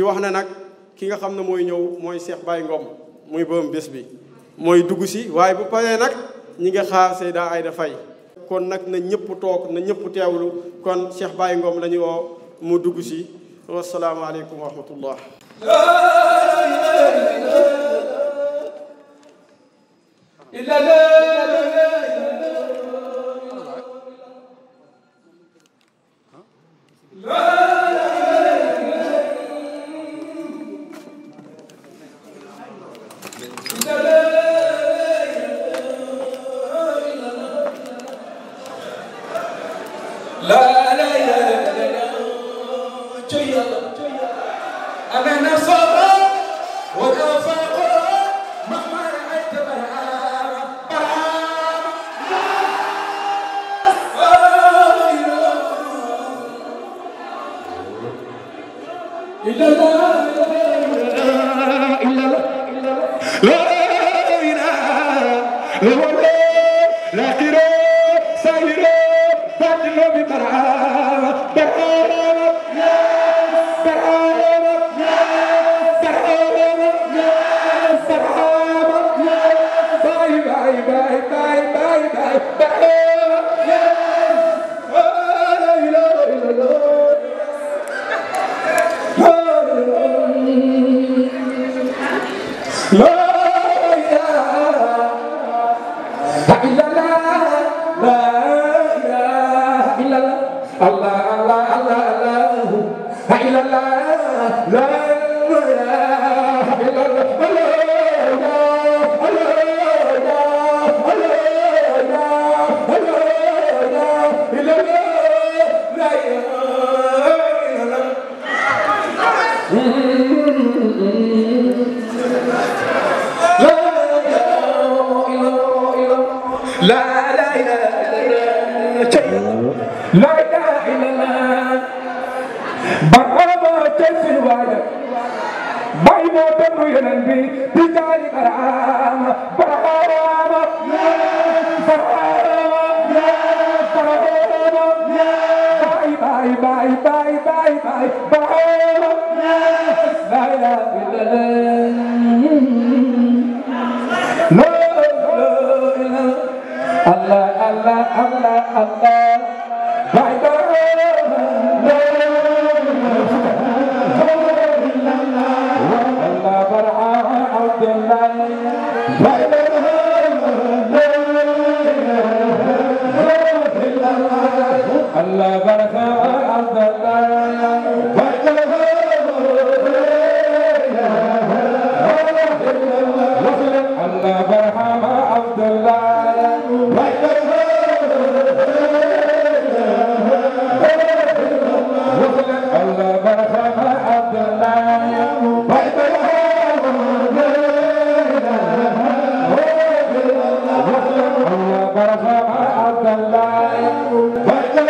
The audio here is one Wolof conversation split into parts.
di wax na nag ki nga xam ne mooy ñëw mooy Cheikh Baye Ngom muy borom bés bi mooy dugg si waaye bu paree nag ñi nga xaar daa ay Faye kon nag na ñëpp toog na ñëpp teewlu kon Cheikh Baye Ngom lañuy ñu mu dugg si wasalaamaaleykum wa rahmatullah illa الله الله الله الله إلا الله لا إله إلا الله bi di jaari karaama الله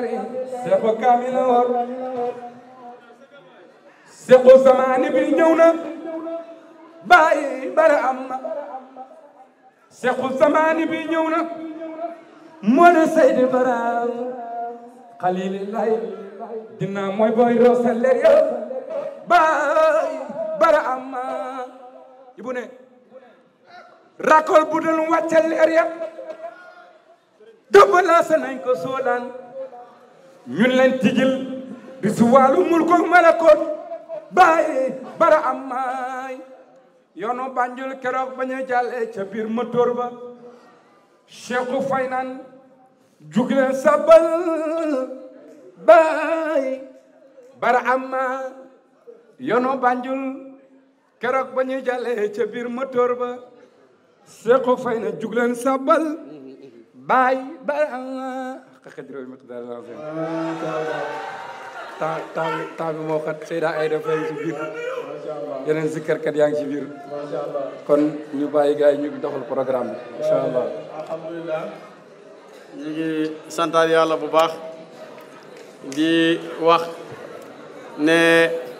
sëriñ Seexu Kaamil la war Seexu Zamaani bi ñëw na bàyyi bara am na Seexu Zamaani bi ñëw na moo na Seydi Bara Xaliilillaahi dina mooy boy rosa leer yo bàyyi bara am na ibu ne rakol bu dul wàcce leer ya nañ ko soolaan ñun leen tigil di su wàllu mulku malakoot bàyyi bara am maay yoonu Banjul keroog ba ñu jàllee ca biir motoor ba Cheikhou Faye naan jug leen bara am maa yoonu Banjul keroog ba ñu jàllee ca biir motoor ba Cheikhou Faye naan jug leen sabal bara am xaq qadri wal miqdaar al-aziim bi temps bi moo xat Seyda Aïda Faye ci biir yeneen zikkarkat yaa ngi ci biir kon ñu bàyyi gars yi ñu doxal programme bi incha allah alhamdulilah yàlla bu baax di wax ne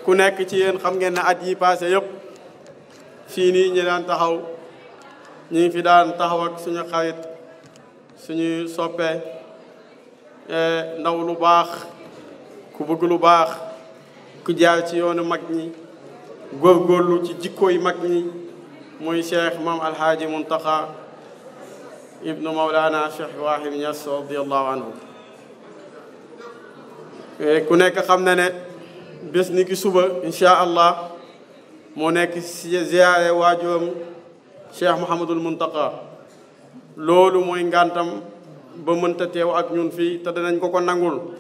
ku nekk ci yéen xam ngeen ne at yi passé yëpp fii nii ñu daan taxaw ñu ngi fi daan taxaw suñu xarit suñu soppee Eh, ndaw lu baax ku bëgg lu baax ku jaar ci yoonu mag ñi góorgóorlu ci jikko mag ñi muy cheikh maam alhaaji muntaxa ibnu maulana cheikh ibrahim ñas radiallahu anhu eh, ku nekk xam na ne bés ni ki suba incha allah moo nekk ziyaare waajuram cheikh mouhamadul muntaxa loolu mooy ngàntam ba mënta teew ak ñun fii te danañ ko ko nangul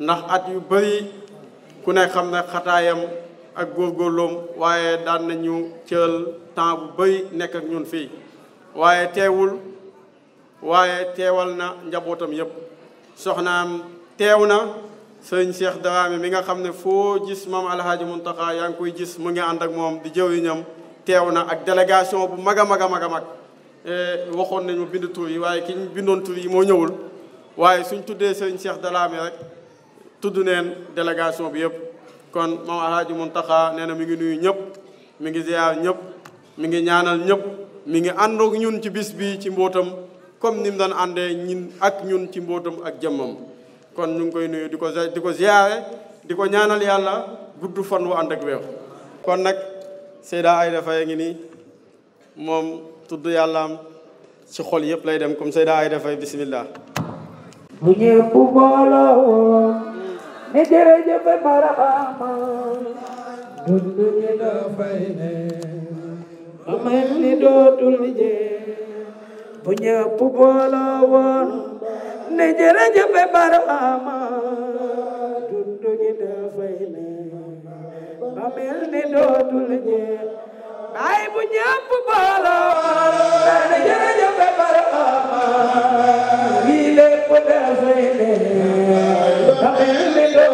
ndax at yu bari ku ne xam ne xataayam ak góorgóorloom waaye daan nañu cël temps bu bari nekk ak ñun fii waaye teewul waaye teewal na njabootam yépp soxnaam teew na sëñ Cheikh Dramé mi nga xam ne foo gis maam alhaaji Muntaxa yaa ngi koy gis mu ngi ànd ak moom di jëw yi ñam teew na ak délégation bu mag a mag a mag a mag Eh, waxoon nañu bind tur yi waaye ki bindoon tur yi moo ñëwul waaye suñ tuddee sëriñ Cheikh Dalaame rek tudd neen délégation bi yëpp kon moom alaaji Muntaxa nee na mi ngi nuyu ñëpp mi ngi ziyaar ñëpp mi ngi ñaanal ñëpp mi ngi àndoog ñun ci bis bi ci mbootam comme ni mu daan àndee ñin ak ñun ci mbootam ak jëmmam kon ñu ngi koy nuyu di ko di ko ziyaare di ko ñaanal yàlla gudd fan wu ànd ak wéew kon nag Seyda Aïda Faye ngi nii moom tudd yàllaam ci xol yëpp lay dem comme Seyda Aïda Faye bismillah bu ñëpp booloo ne jërëjëf marama dund gi dafay ne ba mel ni dootul jee bu ñëpp booloo woon ne jërëjëf marama dund gi dafay ne ba mel ni dootul jee ay bu ñëpp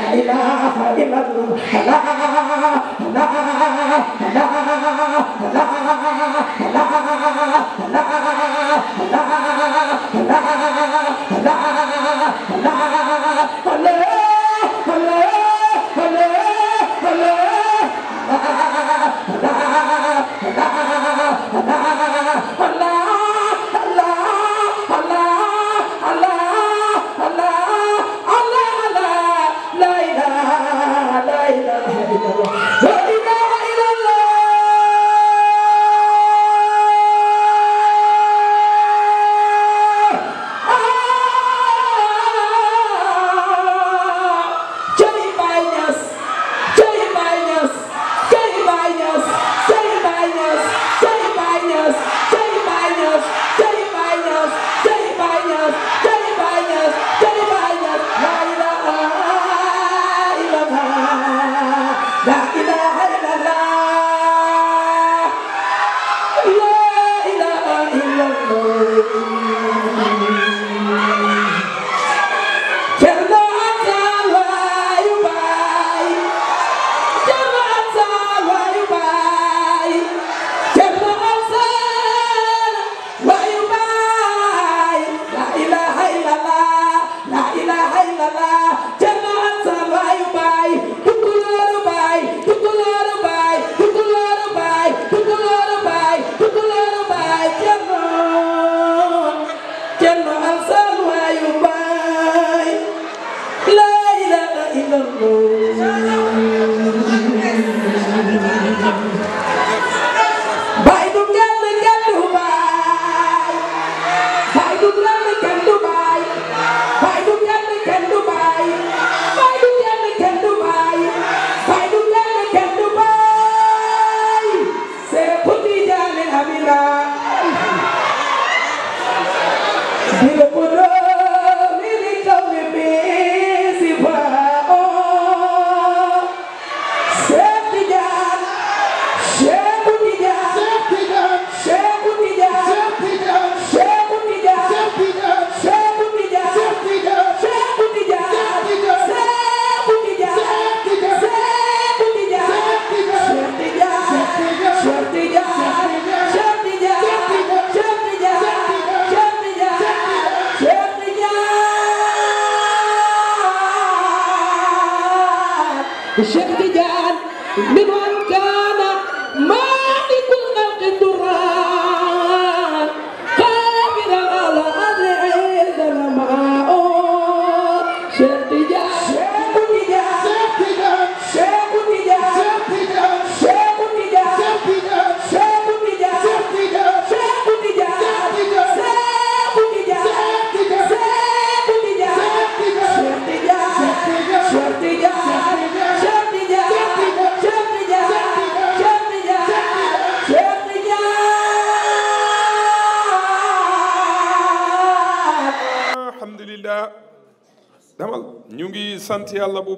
إله إلا الله لا لا لا لا لا لا Allah Cheikh Tidiane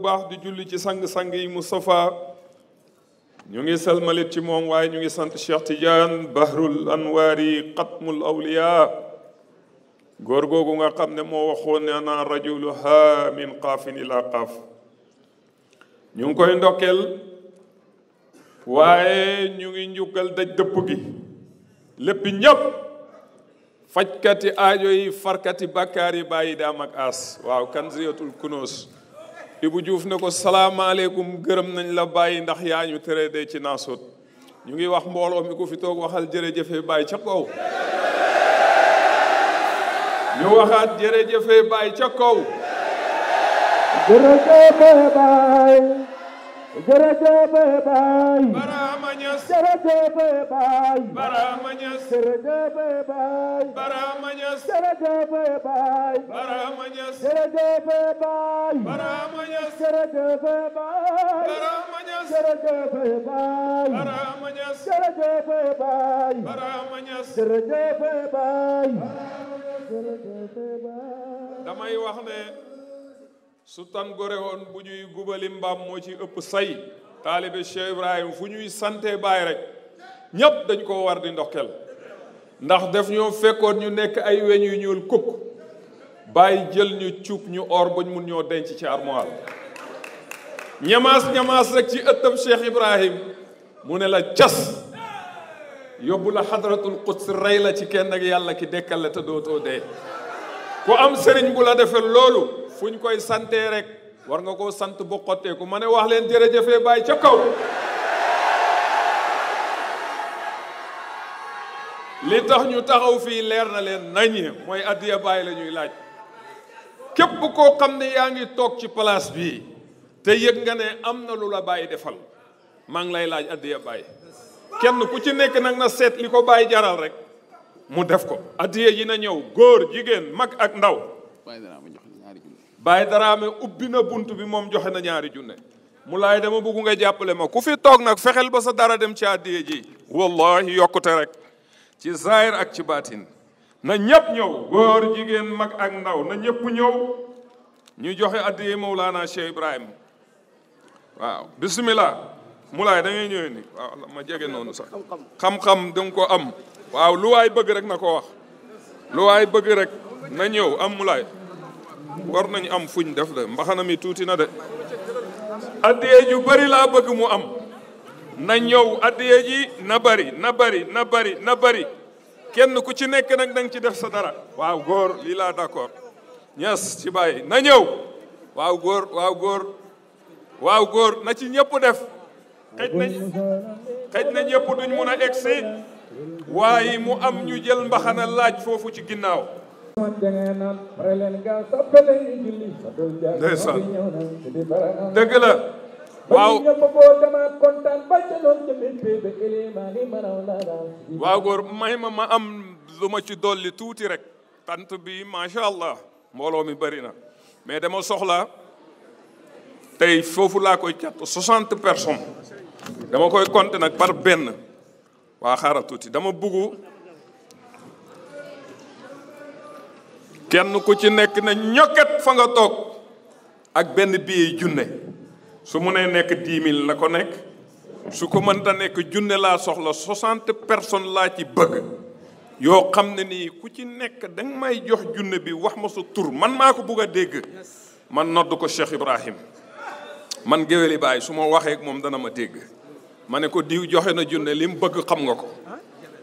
baax di julli ci sang-sang yi Moustapha ñu ngi salmalit ci moom waaye ñu ngi sant Cheikh Tidiane bahrul anwaari xatmul awliya góor googu nga xam ne moo waxoon ne ana rajulu ha min qaafin ila qaaf ñu ngi koy ndokkeel waaye ñu ngi njukkal daj dëpp gi lépp ñëpp fajkati aajo farkati bakkaar yi bàyyi daam aas waaw kan ziyatul kunoos Ibou Diouf ne ko salaamaaleykum gërëm nañ la bàyyi ndax yaa ñu tere de ci naasut ñu ngi wax mbooloo mi ku fi toog waxal jërëjëfe bàyyi ca kaw ñu waxaat jërëjëfe bàyyi ca kaw jërëjëfe bàyyi jërëjëfe Ñas jërëjëf baay Barama Ñas jërëjëf baay Barama Ñas jërëjëf baay Barama Ñas jërëjëf baay Barama Ñas jërëjëf baay Barama Ñas jërëjëf baay Barama Ñas jërëjëf baay Barama Ñas jërëjëf baay damay wax ne su tan gore woon bu ñuy gubali mbaam moo ci ëpp say taalibe Cheikh Ibrahima fu ñuy sante baay rek ñépp dañ koo war di ndokkeel ndax def ñoo fekkoon ñu nekk ay weñ yu ñuul kukk bàyyi jël ñu cuub ñu or bañ mun ñoo denc ci armoire ñamaas ñamaas rek ci ëttam Cheikh Ibrahim mu ne la cas yóbbu la xadratul quds rey la ci kenn ak yàlla ki dekkal la te dootoo dee ku am sëriñ bu la defee loolu fu ñu koy sante rek war nga koo sant bu xotteeku ma ne wax leen jërëjëfee bàyyi ca kaw li tax ñu taxaw fii leer na leen naññe mooy addiya bàyyi la ñuy laaj képp koo xam ne yaa ngi toog ci palaas bii te yëg nga ne am na lu la bàyyi defal maa ngi lay laaj addiya bàyyi kenn ku ci nekk nag na seet li ko bàyyi jaral rek mu def ko addiya yi na ñëw góor jigéen mag ak ndaw Baye Dramé ubbi na bunt bi moom joxe na ñaari junne mu laay dama bëgg nga jàppale ma ku fi toog nag fexeel ba sa dara dem ci àddiye ji wallahi yokkute rek ci zahir ak ci baatin na ñëpp ñëw góor jigéen mag ak ndaw na ñëpp ñëw ñu joxe àddiye Mawlana Cheikh Ibrahima waaw bismillah mu laay da ngay waaw ma jege noonu sax xam-xam danga ko am waaw lu waay bëgg rek na ko wax lu waay bëgg rek na ñëw am mu laay war nañu am fuñ def de mbaxana mi tuuti na de addiye yu bari laa bëgg mu am na ñëw addiye ji na bari na bari na bari na bari kenn ku ci nekk nag danga ci def sa dara waaw góor lii laa d'accord ñes ci bàyyi na ñëw waaw góor waaw góor waaw góor na ci ñépp def xëj na xëj na ñëpp duñ mun a egsi waaye mu am ñu jël mbaxana laaj foofu ci ginnaaw ndeysaan dëgg la waaw waaw góor may ma ma am lu ma ci dolli tuuti rek tant bi macha allah mbooloo mi bëri na mais dama soxla tey foofu laa koy jàpp soixante personnes dama koy compter nag par benn waa xaaral tuuti dama buggu kenn ku ci nekk ne ñokket fa nga toog ak benn billet junne su mu nee nekk dix mille na ko nekk su ko mënta nekk junne laa soxla soixante personnes laa ci bëgg yoo xam ne nii ku ci nekk danga may jox junne bi wax ma sa tur man maa ko bugg a dégg man nodd ko Cheikh Ibrahim man géwéli baay su ma waxee ak moom dana ma dégg ma ne ko diw joxe na junne li mu bëgg xam nga ko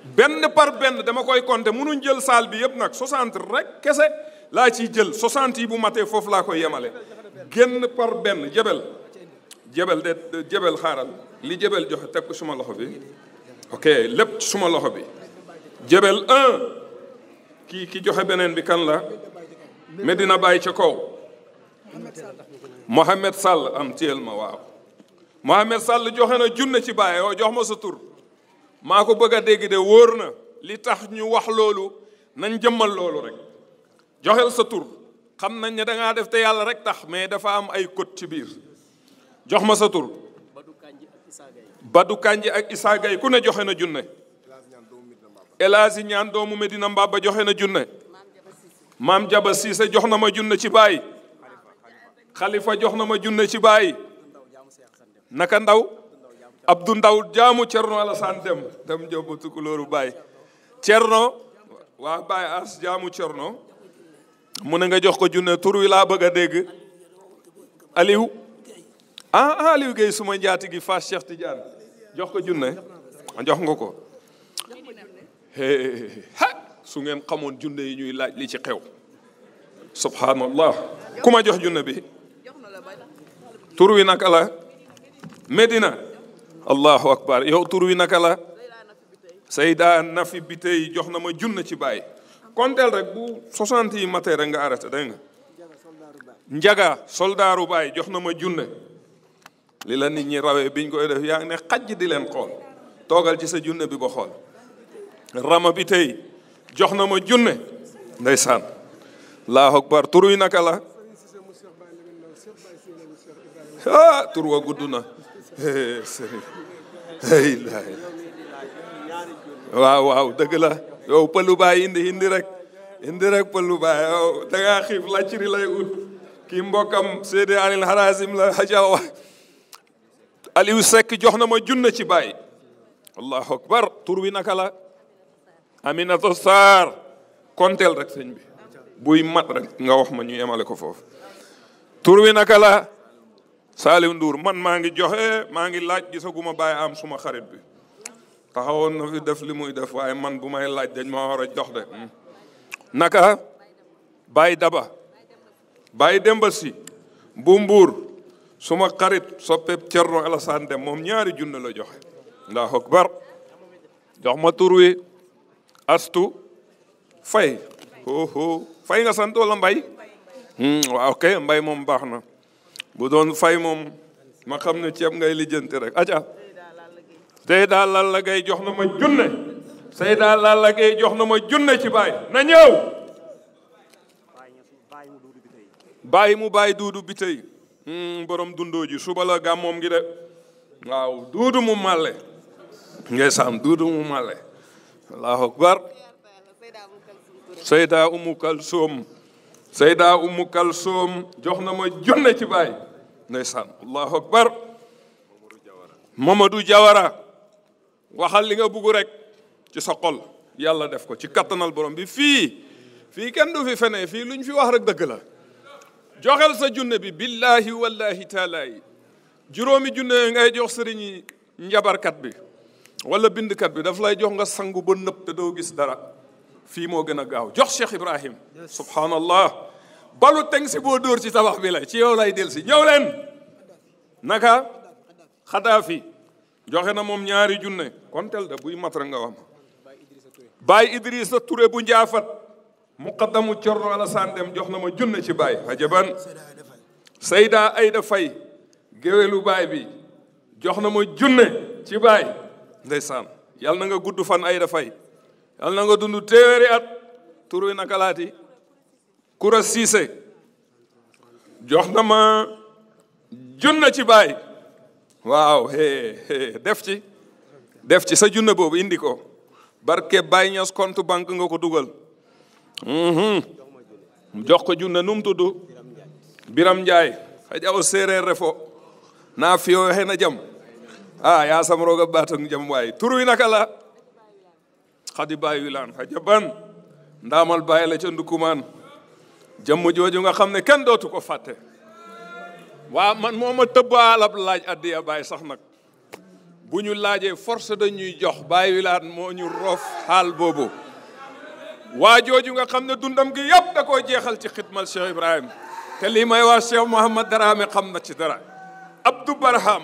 benn par benn dama koy compter mënuñ jël salle bi yëpp nag 60 rek kese laa ciy jël 60 yi bu matee foofu laa koy yemale génn par benn jebel jebel de jebel xaaral li jebel joxe teg ko suma loxo bi ok lépp suma loxo bi jebel un kii ki joxe beneen bi kan la Medina bàyyi ca kaw Mohamed Sall am téel ma waaw Mohamed Sall joxe na junne ci Baye oo jox ma sa tur maa ko bëgg a dégg de wóor na li tax ñu wax loolu nañ jëmmal loolu rek joxel sa tur xam nañ ne dangaa def te yàlla rek tax mais dafa am ay code ci biir jox ma sa tur Badou Kandji ak Issa Gaye ku ne joxe na junne El Hadji ñaan doomu Medina ba joxe na junne maam Jaba Siise jox na ma junne ci baay xalifa jox na ma junne ci baay naka ndaw Abdou Ndaw jaamu Cerno Alassane Dem Dem Jóob tukulóoru Baay Cerno waa Baay as jaamu Cerno mu ne nga jox ko junne tur wi laa bëgg a dégg Aliou ah, ah Aliou suma njaati gi Fass Cheikh Tidiane jox ko junne jox nga ko su ngeen xamoon junne yi ñuy laaj li ci xew subhanallah ku jox junne bi tur wi naka la Medina allahu akbar yow tur wi naka la sayda nafi bi tey jox na ma junna ci baay konteel rek bu 60 yi matee rek nga arrêté dégg nga njaga soldaaru bàyyi jox na ma junne li la nit ñi rawee biñ koy def yaa ngi ne xajj di leen xool toogal ci sa junne bi ba xool rama bi tey jox na ma junne ndeysaan allahu akbar tur naka la ah tur wa gudd na waaw waaw dëgg la yow pëlu baay indi indi rek indi rek pëlu baay yow da xiif lacciri lay ut kii mbokkam Seydi Alil Harazim la hajawa Aliou Seck jox na ma junna ci baay allahu akbar tur wi naka la Aminata Sarr konteel rek sëñ bi buy mat rek nga wax ma ñu yemale ko foofu tur wi Saliou Ndour man maa ngi joxe maa ngi laaj gisaguma bàyyi am suma xarit bi taxawoon na fi def li muy def waaye man bu may laaj dañ ma war a jox de hmm. naka Baye Daba Baye Demba si bu Mbuur suma xarit soppeb Cerno Alassane Dem moom ñaari junne la joxe Allahu akbar jox ma tur wi astu fay ho ho fay nga sant wala mbay hmm, waaw ok mbay moom baax na bu doon fay moom ma xam ne ceeb ngay lijjanti rek aca tey daal gay jox na ma junne say daal gay jox na ma junne ci baay na ñëw bàyyi mu bàyyi duudu bi tey hmm, borom dundoo ji suba la gàmmoom gi de waaw duudu mu màlle ngeesam duudu mu màlle allahu akbar sayda umu kalsoom sayda umu kalsoom jox na ma junne ci baay ndeysaan allahu akbar mamadou jawara waxal li nga bugg rek ci sa xol yàlla def ko ci kattanal borom bi fii fii kenn du fi fenee fii lu ñu fi wax rek dëgg la joxel sa junne bi billahi wallahi taala juróomi junne ngay jox sëriñi njabarkat bi wala bindkat bi daf lay jox nga sangu ba nëpp te doo gis dara fii moo gën a gaaw jox Cheikh Ibrahim subhanallah balu teng si boo dóor ci tabax bi ci yow lay del si ñëw leen naka Xadaafi joxe na moom ñaari junne kontel da buy matra nga wam Baay Idrissa Touré bu njaafat muqaddamu Corno Alassane Dem jox na ma junne ci bay ajaban sayda Ayda Fay géwélu baay bi jox na ma junne ci baay ndeysaan yàlla na nga gudd fan Ayda Fay yal nga dund téeméeri at tur wi kura siise jox na ma junna ci baay waaw hee def ci def ci sa junna boobu indi ko barke Baay Ñas compte bank nga ko dugal mhm. jox ko junna num tudd Biram Njaay xaƴa o séeréer refo na fiyo xena jam a ah, yasam roog a jam waay tur wi xadi bàyyi yu laan fa jaban ndaamal bàyyi la ca ndukumaan jëmm jooju nga xam ne kenn dootu ko fàtte waa man moo ma tëbbaalab laaj addiya bàyyi sax nag bu ñu laajee force dañuy jox baay yu moo ñu roof xaal boobu waa jooju nga xam ne dundam gi yëpp da jeexal ci xidmal Cheikh Ibrahim te lii may waa Cheikh Mouhamad Daraame xam na ci dara Abdou Barham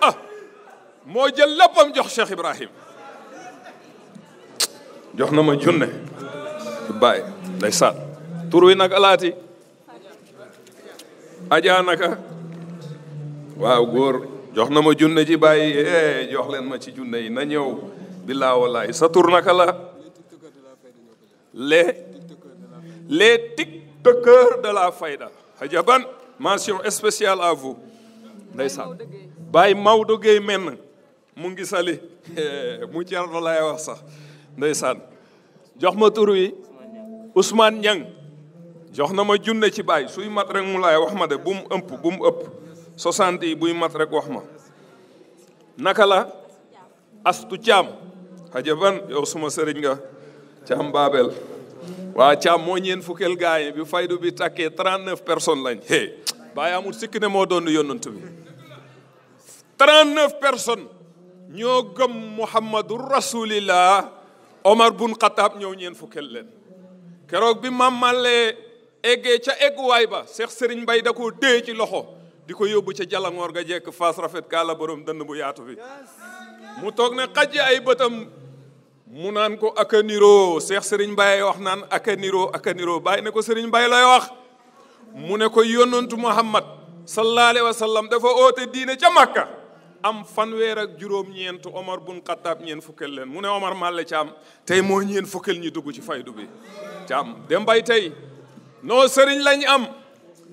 ah moo jël léppam jox Cheikh Ibrahim jox na ma junne baay day saan tur wi nag alaati ajaa naka waaw góor jox na ma junne ji baay eh jox leen ma ci junne yi na ñëw billaa wallaay sa tur naka la les les tiktokeurs de la fayda hajaban mention spéciale à vous ndeysaan baay Maodo Gueye menn mu ngisali sali eh, mu ceerno laay wax sax ndeysaan jox ma tur wi Ousmane Niang jox na ma junne ci baay suy mat rek mu laay wax ma de bu mu ëpp bu ëpp soixante yi buy mat rek wax ma naka la astu caam xajaban yow suma sëriñ nga caam Babel waa caam moo ñeen fukkeel gaay bi faydu bi takkee trente neuf personnes lañ hey baay amul sikk ne moo doon yonent bi trente neuf personnes ñoo gëm Muhammadu rasulillah Omar bun Xataab ñëw ñeen fukkeel leen keroog bi Maam Malle eggee ca egguwaay ba Cheikh Serigne Mbaye da koo dee ci loxo di ko yóbbu ca jalangoor ga jekk faas rafet kaala borom dënd bu yaatu bi mu toog ne xaj ay bëtam mu naan ko aka niroo Cheikh Serigne Mbaye wax naan aka niroo aka niroo bàyyi ne ko Serigne mbay lay wax mu ne ko yonantu Muhammad sallallahu alayhi wa sallam dafa oote diine ca Makka am fanweer ak juróom-ñeent Omar bun Xattaab ñeen fukkal leen mu ne Omar Màlle Caam tey moo ñeen fukkel ñu dugg ci faydu bi Caam dem bay tey noo sëriñ lañ am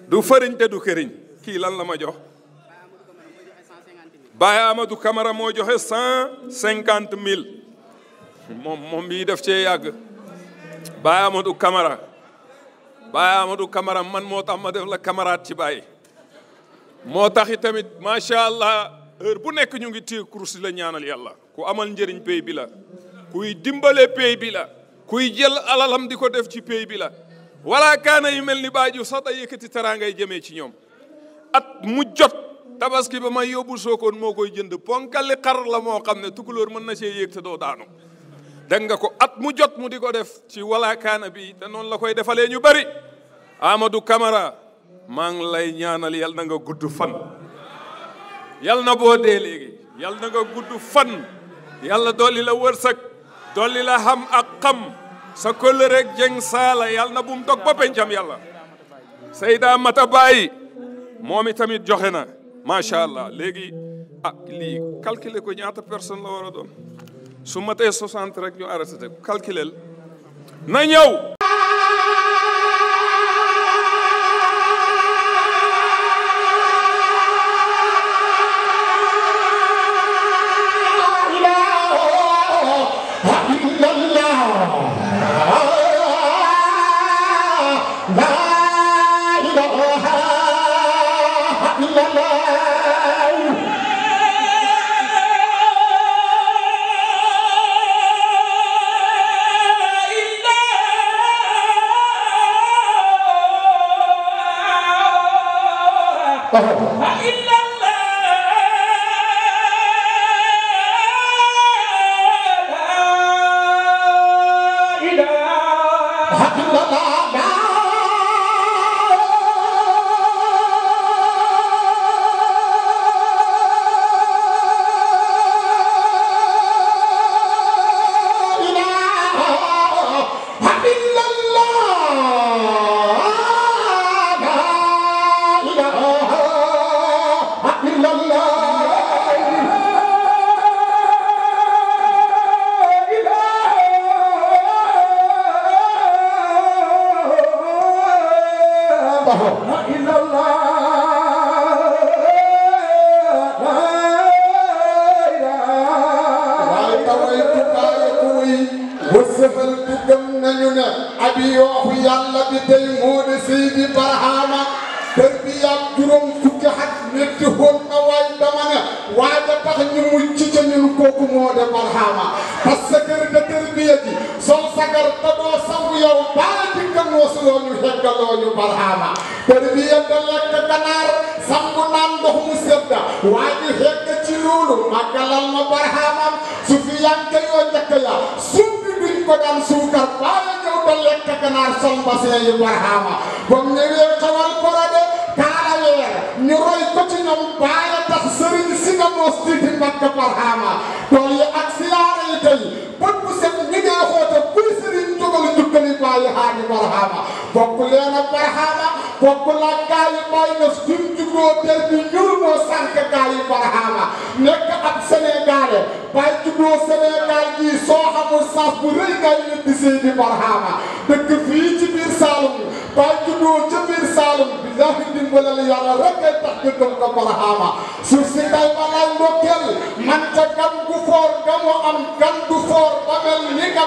du fëriñ te du këriñ kii lan la ma jox Baye Amadou Camara moo joxe cent cinquante mille moom moom bii def cee yàgg Baye Amadou Camara Baye Amadou man moo tax ma def la camarade ci bay moo taxi tamit macha allah. heure bu nekk ñu ngi téye kurus di la ñaanal yàlla ku amal njariñ pay bi la kuy dimbale pay bi la kuy jël alalam di ko def ci pay bi la wala kaana yu mel ni baaju sax day yëkkati teraangay jëmee ci ñoom at mu jot tabaski ba may yóbbu sookoon moo koy jënd ponkali xar la moo xam ne tukulóor mën na see yéeg te doo daanu dégg nga ko at mu jot mu di ko def ci wala kaana bi te noonu la koy defalee ñu bari Amadou kamara maa lay ñaanal yàlla na nga gudd fan yal na boo dee léegi yal na nga gudd fan yàlla dolli la wërsëg dolli la xam ak xam sa këllë rek jëng saala yal na bum dog ba pencam yàlla Seyda Mata Baye moom tamit joxe na macha allah léegi ah lii calculer ko ñaata personne la war a doon su matee 60 rek ñu arrêté calculer na ñëw fa gaayu haali barhaama bokku leen ak barhaama bokku laa gaayu may na suñ jugoo der bi ñul moo sànq gaayu barhaama nekk ab sénégalais waaye juddoo Sénégal gii soo xamul saaf bu rëy ngay ñibbi Seydi Barhama dëkk fii ci biir Saalum waaye juddoo ca biir Saalum bi ndax dimbale la yàlla rek kay tax nga gëm ko Barhama suuf si tey ma lay ndokkeel man ca gan gu foor nga am gan gu foor ba mel ni nga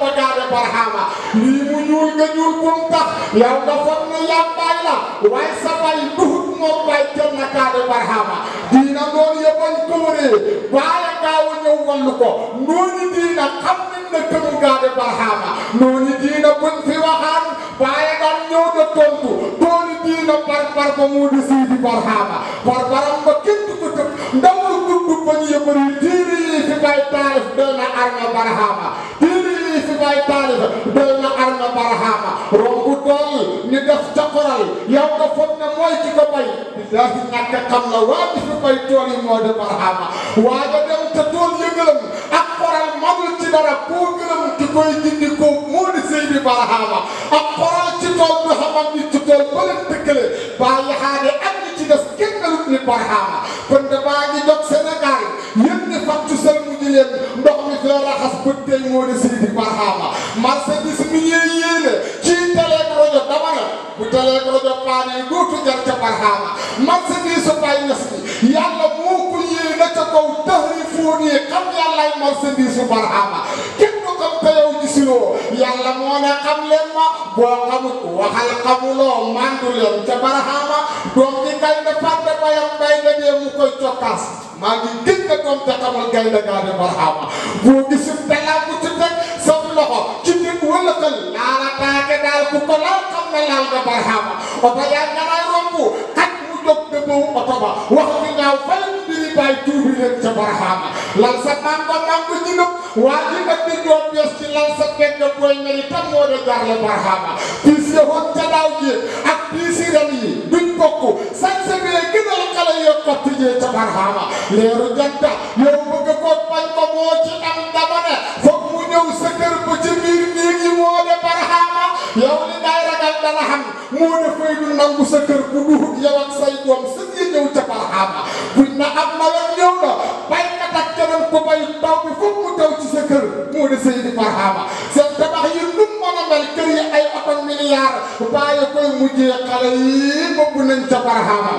ba gaare Barhama lii mu ñuul nga ñuul bu mu tax yow dafa ne yàmbaay la waaye sa bay duhut baytal na kaade barhama diina noon yo ɓon towre baaya kawo ñaw wallu ko nooni diina kammin ne kamugaade barhama nooni diina bon fiwa han baaya ɗan ñewɗo tontu tooni diina barbar ko muɗo siidi barhama barbaram ko kettuko tok ndawru guddu boni yo ɓori diiri fi bay taif belna arme barhama baay taalif doy na arma barahaama romb doy ñu def takoral yow nga foog ne mooy ci ko bay daa fi ñàkk xam la waa ci fi bay tool yi moo de barahaama waa nga dem te tool yëngalam ak xoral manul ci dara koo gërëm ki koy jindi ko moo di sëy bi barahaama ak xoral ci tool bi xamal ni ci tool ba leen dëkkale baa yaxaade ak ñi ci des kenn lu ni barahaama kon de baa ngi jot Sénégal yéen ni fàttu sel mu di leen la raxas bët tey moo di Seydi Barhama marchandise mi ñuy yéene ci teleeg rajo dama na bu teleeg rajo paanee dootu jar ca Barhama marchandise Baay Ñas bi yàlla moo ko yéene ca kaw taxri fóonee xam yàllaay boo xamut waxal xamuloo mandu leen ca baraxaama doom di kay ne fàtte bayam bay nga dee mu koy cokkaas maa ngi gën nga doon taxawal gaynde gaade marxaama boo gisul balaa bu ci teg sa loxo ci nit wala ka laalataake daal ku ko laal xam ne laal nga marxaama oto yaa nga naa romb kat mu jóg de boobu oto ba wax bi ñaaw fële baay tuubi leen ca barxaama lal sa maam ba maam bu ñu nëb waa ji nag di doon yos ci lal sa kekk booy meli tam de jaar la barxaama piis ya woon ca daaw ji ak piis yi ren yi duñ bokk sañ sa bee gënal xale yoo ko tijjee ca barxaama leeru janta yow bëgg ko bañ ko moo ci am dama yow li ngay ragal dana xam moo fay du nangu sa kër bu duhut yow say doom sën yi ñëw ca barxaama buñ na am nawet ñëw na baykat ak keneen ko bay taw bi foog mu ci sa kër moo di barxaama seen tabax yi nun mën a mel kër yi ay oto milliard bàyyi koy ca barxaama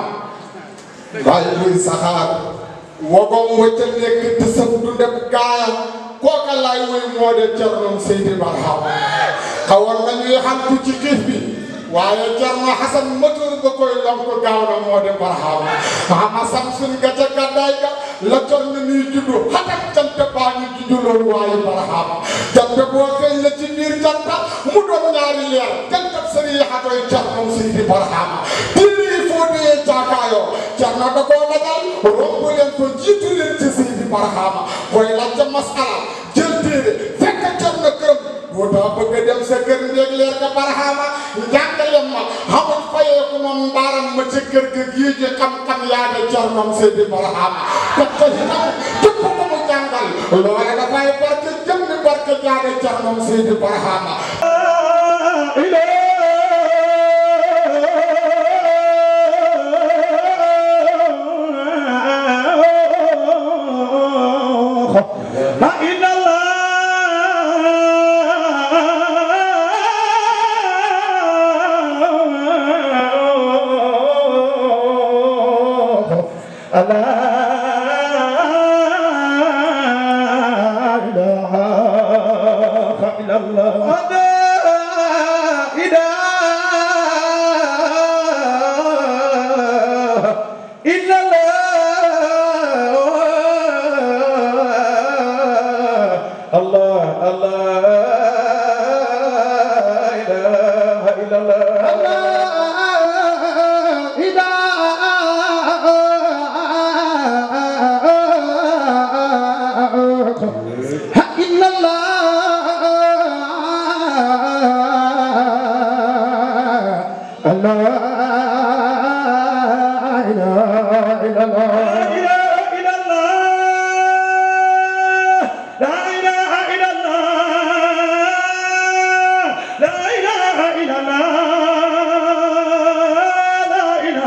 waaye buy saxaar wagoom kooka laay woy moo de Cerno Seydi Barham xawal nañuy xam ku ci xiif bi waaye Cerno Xasan motor ba koy lonk gaaw na moo de Barham ama samsun ga ca gàddaay ga la Cerno na nuy juddu xatam jant baa ñu juddu loolu waaye Barham jant boo feeñ la ci biir mu doon ñaari leer jant ak sëriñ xatoy Cerno Seydi Barham jaakaayoo Cerno da koo dajal romb leen ko jiitu leen ci Seydi Barham kër gi yii ji xam-xam yaa ngi cornom Seydi Barhama def ko ci nag képp ku mu jàngal loola dafay barke jëm ni barke yaa ngi cornom Seydi Barhama ala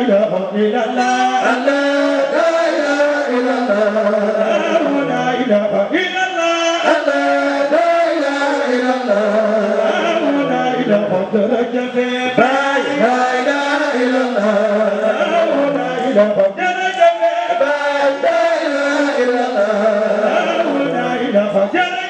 إله إلا الله لا إله إلا الله لا إله إلا الله لا إله إلا الله لا إله درج في باي لا إله إلا الله لا إله درج في باي لا إله إلا الله لا إله درج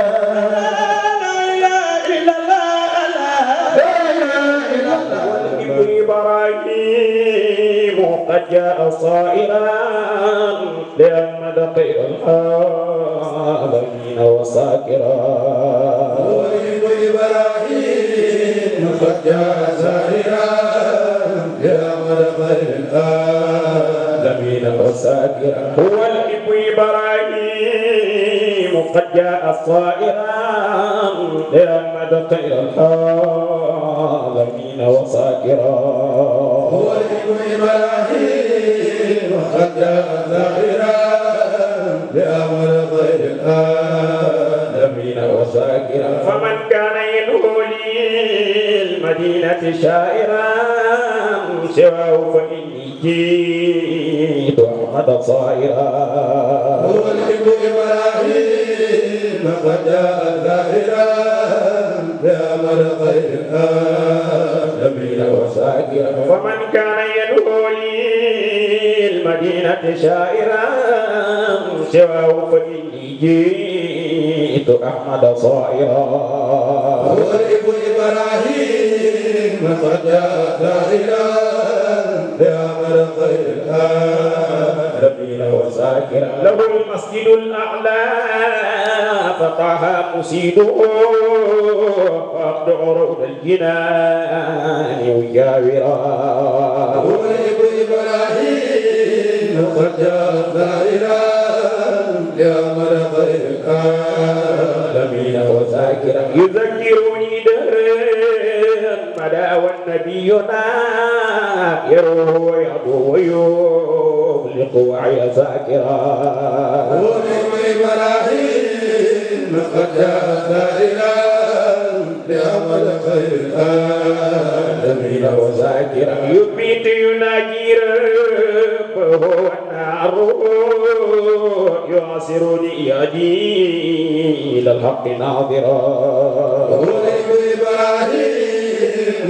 صائرا لأحمد خير العالمين وساكرا وإن إبراهيم قد جاء زائرا لأحمد خير العالمين وساكرا هو الحب إبراهيم قد جاء صائرا لأحمد خير العالمين وساكرا هو الحب إبراهيم شائرا سواه فإني جئت أحمد صائرا هو الحب إبراهيم قد جاء ظاهرا لأمر غير آدمين وساكرا ومن كان يدعو لي المدينة شائرا سواه فإني جئت أحمد صائرا وابن إبراهيم قد داخلا لأمر خير العالمين وذاكرا له المسجد الأعلى فطه قصيده وقد عروض الجنان يجاورا وابن إبراهيم قد داخلا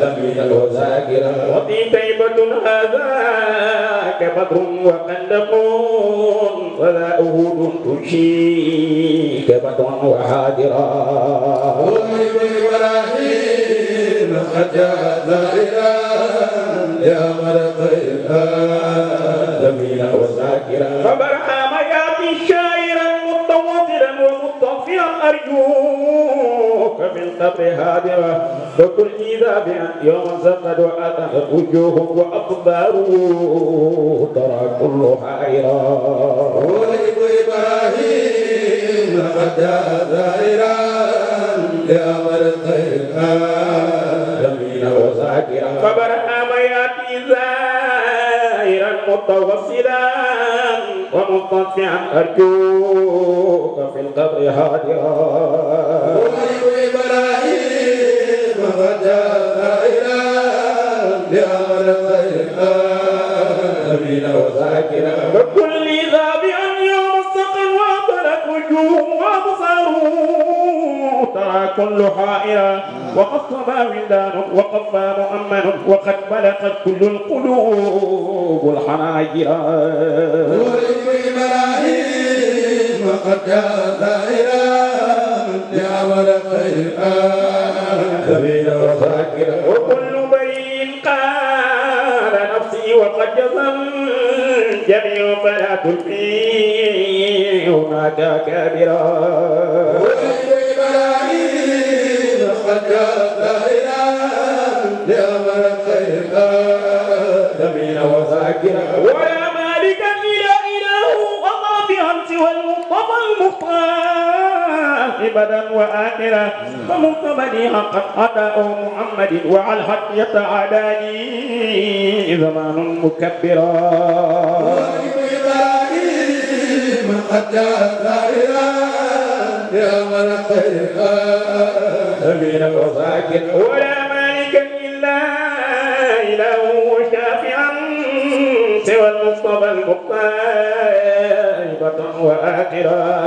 لمن وذاكرا وفي طيبة هذا كبر وقندقون ولا أهود تشي كبر وحاجرا وفي إبراهيم قد زائرا يا مرض الآدمين وذاكرا فبرحام يا بشار أرجوك من قبل هادرة فكن إذا بأن يوم زقد وأدخت وجوههم وأقباروا ترى كل حائرة ولد إبراهيم لقد جاء زائرا لأمر الخير آمين وذاكرا فبرأ ما يأتي زائرا متوسلا ومطفئا أرجوك قبرها ديار ومن إبراهيم وجاء إلى ديار آمين وذاكرا وكل ذابع يوم السقر وأبرت وجوههم وأبصارهم ترى كل حائرا وقد صبا ولدان وقد صاب أمن وقد بلغت كل القلوب الحناجر What? بدن وآخرة فمقتضني حقا عطاء محمد وعلى الحق يتعداني زمان مكبرا قد جاء زائرا يا من خيرا ولا مالك إلا إله شافعا سوى المصطفى المختار وآخرا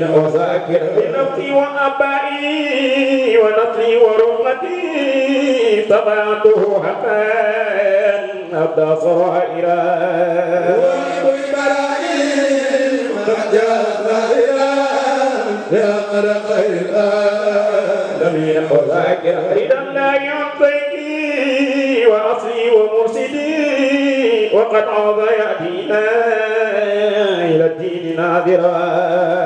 جميلا وذاكرا لنفسي وابائي ونطلي ورغبتي طبعته هباء ابدى صرائرا وابو البراهين قد جاء ظاهرا يا قلق الآلمين وذاكرا رضا لا يعطيك واصلي ومرشدي وقد عاد ياتينا الى الدين ناذرا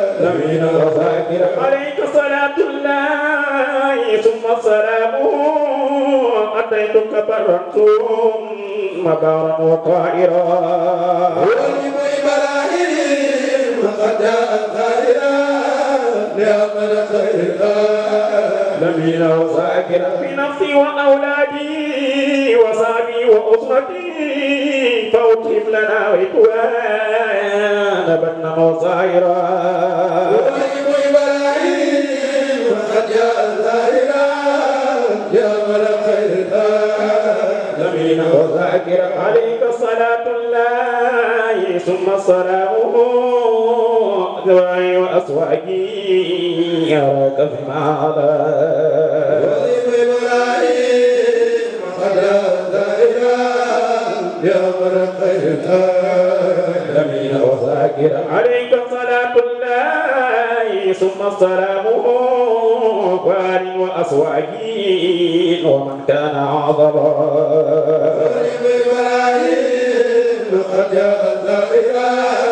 الذين وذاكر عليك صلاة الله ثم السلام أتيتك بركتم مبارا وطائرا ولم إبراهيم قد جاءت يا من خير العالمين وذاكرا بنفسي واولادي وصحبي واسرتي فاوتهم لنا اخوانا بنا وظاهرا يغيب ابراهيم وقد جاء ظاهرا يا من خير العالمين وذاكرا عليك صلاه الله ثم سلامه وأقوالي وأصواتي يراك في المعالي يا مرقيتا لمين وذاكرا عليك صلاة الله ثم السلام وآل وأصواجين ومن كان عظما إبراهيم قد جاء الدائرة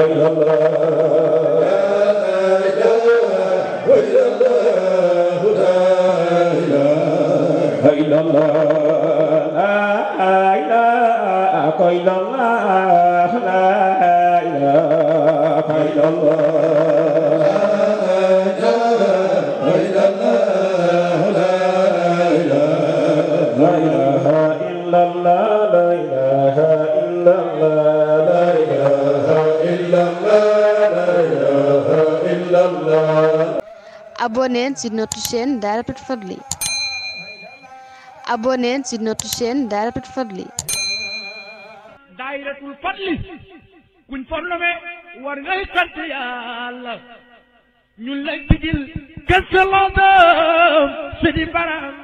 Allah ci notre chaîne Daara Petite Family abonné ci notre chaîne Daara kuñ fornome war ngay sant yàlla ñun lay digil kese loo doom si